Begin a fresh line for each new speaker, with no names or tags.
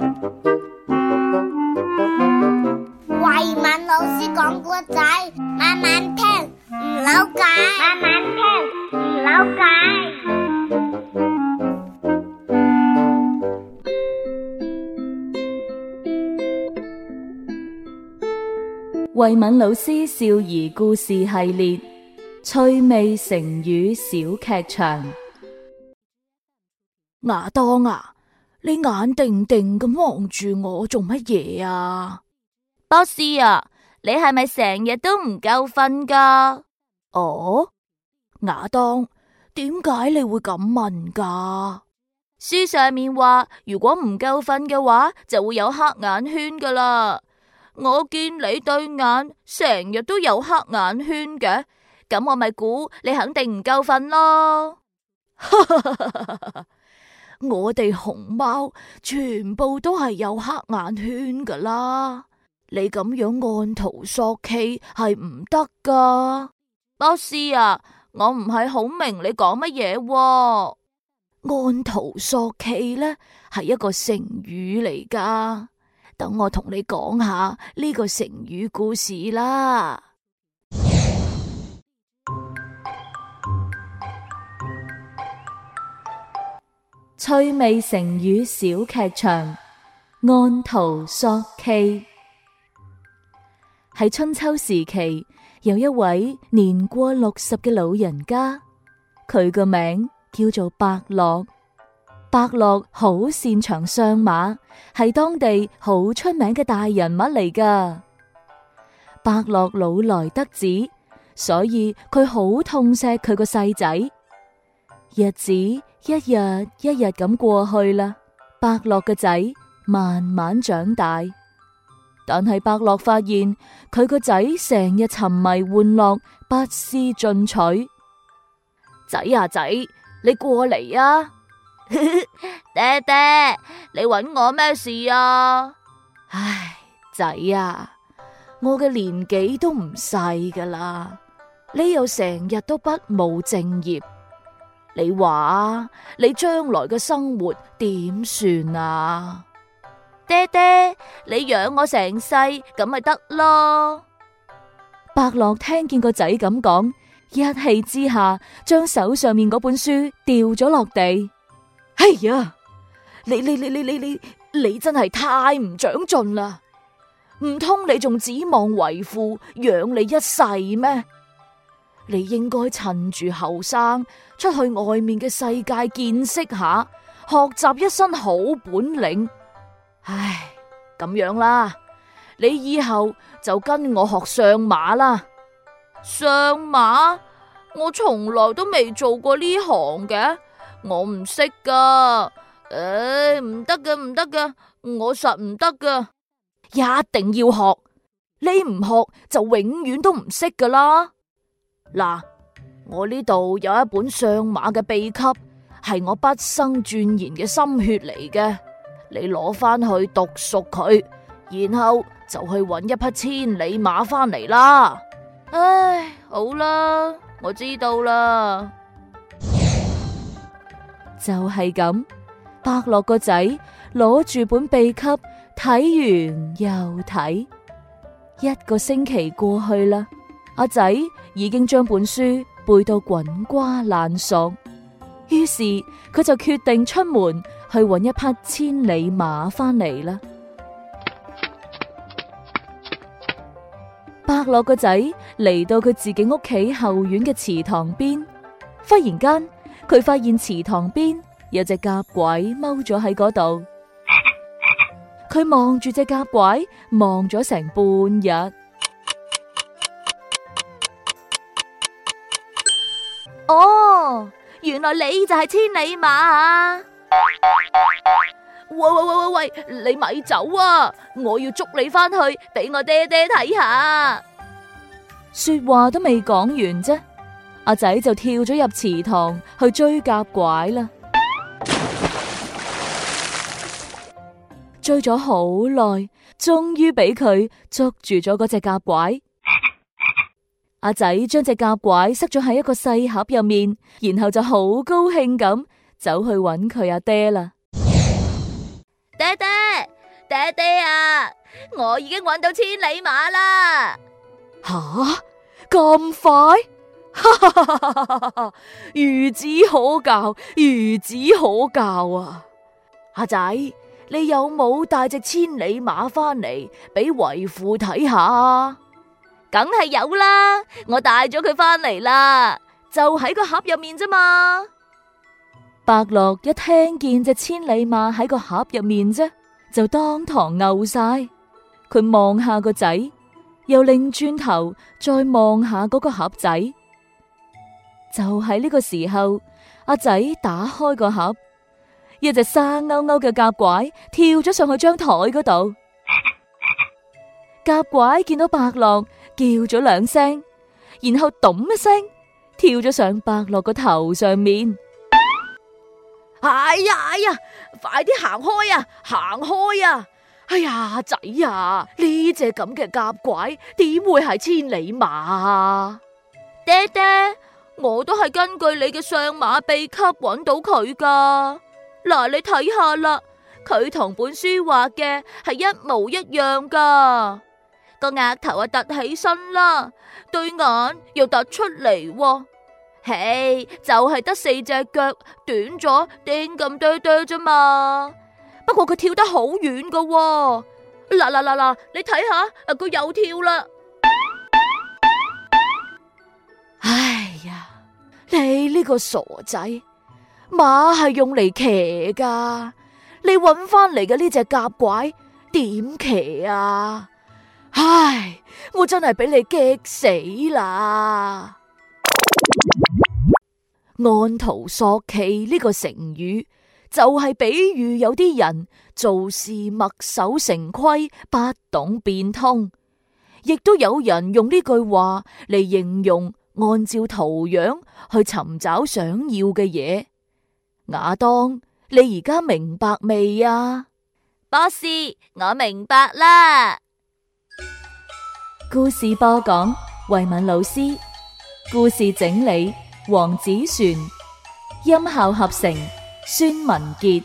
慧敏老師講古仔，慢慢聽，唔扭計。慢慢聽，唔扭計。慧敏老師少兒故事系列，趣味成語小劇場。牙當牙。你眼定定咁望住我做乜嘢啊？博士啊，你係咪成日都唔夠瞓噶？哦，亞當，點解你會咁問噶？書上面話，如果唔夠瞓嘅話，就會有黑眼圈噶啦。我見你對眼成日都有黑眼圈嘅，咁我咪估你肯定唔夠瞓咯。 我哋熊貓全部都係有黑眼圈噶啦，你咁樣按圖索驥係唔得噶。博士啊，我唔係好明你講乜嘢。按圖索驥咧係一個成語嚟噶，等我同你講下呢個成語故事啦。趣味成語小劇場：按圖索驥。喺春秋時期，有一位年過六十嘅老人家，佢個名叫做伯樂。伯樂好擅長相馬，係當地好出名嘅大人物嚟㗎。伯樂老來得子，所以佢好痛錫佢個細仔。日子。一日一日咁過去啦，伯樂嘅仔慢慢長大，但係伯樂發現佢個仔成日沉迷玩樂，不思進取。仔啊仔，你過嚟啊！ 爹爹，你揾我咩事啊？唉，仔啊，我嘅年紀都唔細噶啦，你又成日都不務正業。你話啊，你將來嘅生活點算啊？爹爹，你養我成世，咁咪得咯？伯樂聽見個仔咁講，一氣之下將手上面嗰本書掉咗落地。哎呀，你你你你你你你真係太唔長進啦！唔通你仲指望為父養你一世咩？你應該趁住後生出去外面嘅世界見識下，學習一身好本領。唉，咁樣啦，你以後就跟我學上馬啦。上馬？我從來都未做過呢行嘅，我唔識噶。誒、欸，唔得嘅，唔得嘅，我實唔得噶。一定要學，你唔學就永遠都唔識噶啦。嗱，我呢度有一本上馬嘅秘笈，係我畢生鑽研嘅心血嚟嘅。你攞翻去讀熟佢，然後就去揾一匹千里馬翻嚟啦。唉，好啦，我知道啦。就係咁，伯樂個仔攞住本秘笈，睇完又睇，一個星期過去啦。阿仔已經將本書背到滾瓜爛熟，於是佢就決定出門去搵一匹千里馬翻嚟啦。 伯樂個仔嚟到佢自己屋企後院嘅池塘邊，忽然間佢發現池塘邊有隻甲鬼踎咗喺嗰度，佢 望住隻甲鬼望咗成半日。原來你就係千里馬啊！喂喂喂喂喂，你咪走啊！我要捉你返去俾我爹爹睇下。說話都未講完啫，阿仔就跳咗入池塘去追夾鬼啦。追咗好耐，終於俾佢捉住咗嗰隻夾鬼。阿仔將隻夾拐，塞咗喺一個細盒入面，然後就好高興咁走去搵佢阿爹啦。爹爹，爹爹啊，我已經搵到千里馬啦！吓？咁、啊、快？哈哈哈哈，孺子可教，孺子可教啊！阿仔，你有冇帶隻千里馬翻嚟，俾為父睇下啊？梗係有啦，我帶咗佢翻嚟啦，就喺個盒入面啫嘛。伯樂一聽見隻千里馬喺個盒入面啫，就當堂吽晒。佢望下個仔，又擰轉頭再望下嗰個盒仔。就喺呢個時候，阿仔打開個盒，一隻生勾勾嘅夾拐跳咗上去張台嗰度。夾拐見到伯樂。叫咗兩聲，然後咚一聲，跳咗上伯樂個頭上面。哎呀哎呀，快啲行開啊，行開啊！哎呀仔呀，呢隻咁嘅蛤 𧊅 點會係千里馬啊？爹爹，我都係根據你嘅相馬秘笈揾到佢噶。嗱，你睇下啦，佢同本書畫嘅係一模一樣噶。個額頭啊凸起身啦，對眼又凸出嚟，嘿，就係得四隻腳短咗頂咁多多啫嘛。不過佢跳得好遠噶，嗱嗱嗱嗱，你睇下，啊佢又跳啦。哎呀，你呢個傻仔，馬係用嚟騎噶，你揾翻嚟嘅呢隻甲拐，點騎啊？唉，我真係俾你激死啦！按圖索驥呢個成語就係、是、比喻有啲人做事墨守成規，不懂變通。亦都有人用呢句話嚟形容按照圖樣去尋找想要嘅嘢。亞當，你而家明白未呀？博士，我明白啦。故事播講：慧敏老師，故事整理：王子璇，音效合成：孫文杰。